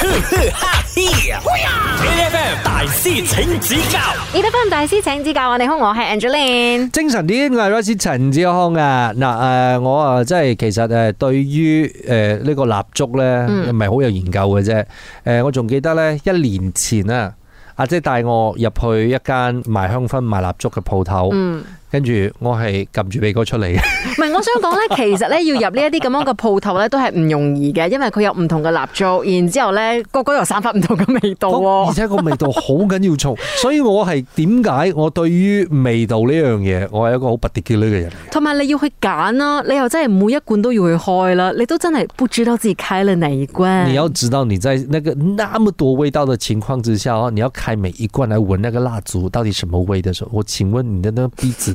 哈 e F 大師請指教，E N F M 大師請指教，你好，我係 Angeline，精神啲，我係羅斯陳志康啊。嗱，誒，我啊，即係其實誒，對於誒呢個蠟燭咧，唔係好有研究嘅啫。誒，我仲記得咧，一年前啊，阿姐帶我入去一間賣香薰、賣蠟燭嘅鋪頭。跟我是按住我係撳住鼻哥出嚟嘅。唔係，我想講咧，其實咧要入呢一啲咁樣嘅鋪頭咧，都係唔容易嘅， 因為佢有唔同嘅蠟燭，然之後咧個個又散發唔同嘅味道喎。哦。而且個味道好緊要重， 所以我係點解我對於味道呢樣嘢，我係一個好不羈嘅女人。同埋你要去揀啦。啊，你又真係每一罐都要去開啦，你都真係不知道自己開了哪一罐。你要知道你在那個那麼多味道嘅情況之下，你要開每一罐嚟聞那個蠟燭到底什麼味嘅時候，我請問你的呢鼻子，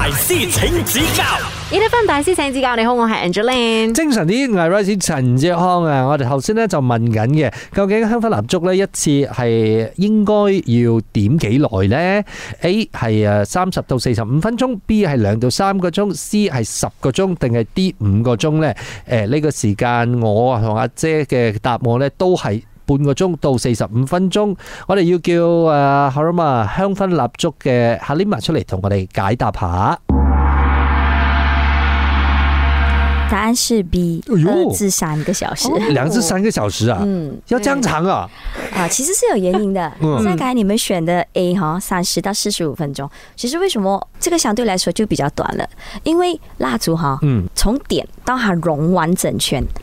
大師請指教，易德芬大師請指教。你好，我係 Angeline，精神啲係 Rising 陳志康啊。我哋頭先咧就問緊嘅，究竟香薰蠟燭咧一次係應該要點幾耐咧？A 係誒三十到四十五分鐘，B 係兩到三個鐘，C 係十個鐘定係 D 五個鐘咧？誒，呢個時間我同阿姐嘅答案咧都係。半個鐘到四十五分鐘，我哋要叫誒，啊、uma，香薰蠟燭嘅 Halima 出嚟，同我哋解答下。答案是 B，二、哎呦呃、至三個小時，兩、哦、至三個小時啊，嗯，要這樣長啊。啊，其實是有原因的。剛才、 嗯、你們選的 A 哈，三十到四十五分鐘，其實為什麼？這個相對來說就比較短了，因為蠟燭哈，嗯，從點到它融完整圈。嗯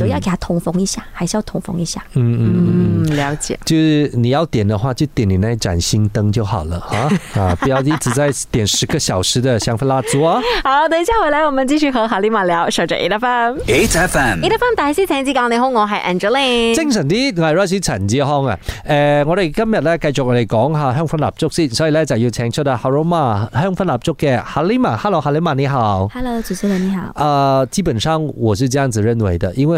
有以要給他通風一下，還是要通風一下。嗯嗯，了解。就是你要點的話，就點你那盞新燈就好了啊啊！不要一直在點十個小時的香薰蠟燭啊。好，等一下回來，我們繼續和哈利瑪聊。收著一 e 八，e 六八，一六 n 大西陳志剛你好，我係 Angelina。精神啲，係 Rosie 陳志康啊。誒，我哋今日咧繼續哋講下香薰蠟燭先，所以咧就要請出啊，Haruma 香薰蠟燭嘅哈里瑪。Hello，哈里瑪你好。Hello，主持人你好。啊，基本上我是這樣子認為的，因為。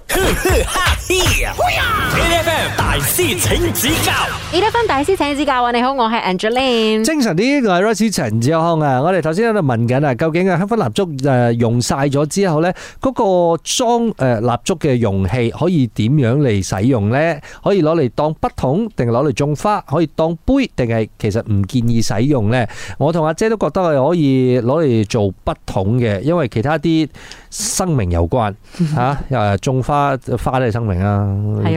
呵呵哈嘻！A. D. F. M. 大師請指教，伊德芬大師請指教啊！你好，我係 Angelina。精神啲，我係 Rice 陳志康啊！我哋頭先喺度問緊啊，究竟啊香薰蠟燭誒用晒咗之後咧，嗰個裝誒蠟燭嘅容器可以點樣嚟使用咧？可以攞嚟當筆筒，定係攞嚟種花？可以當杯，定係其實唔建議使用咧？我同阿姐都覺得係可以攞嚟做筆筒嘅，因為其他啲生命有關吓，又係種花。花都係生命啊！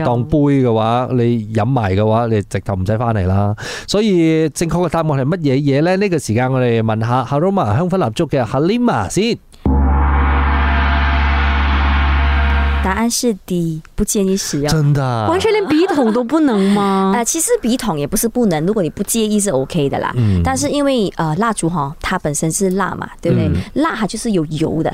當杯嘅話，你飲埋嘅話，你直頭唔使返嚟啦。所以正確嘅答案係乜嘢嘢咧？呢、這個時間我哋問下 Halima 香薰蠟燭嘅 Halima 先。答案是 D，不建議使用。真的、啊，完全連筆筒都不能嗎？啊、 呃，其實筆筒也不是不能，如果你不介意，是 OK 的啦。嗯、但是因為啊、呃，蠟燭哈，它本身是蠟嘛，對不對？蠟、嗯、就是有油的。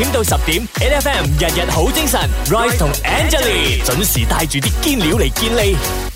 九點到十點 AFM 日日好精神，Rise 同 Angelina 準時帶住啲堅料嚟見你。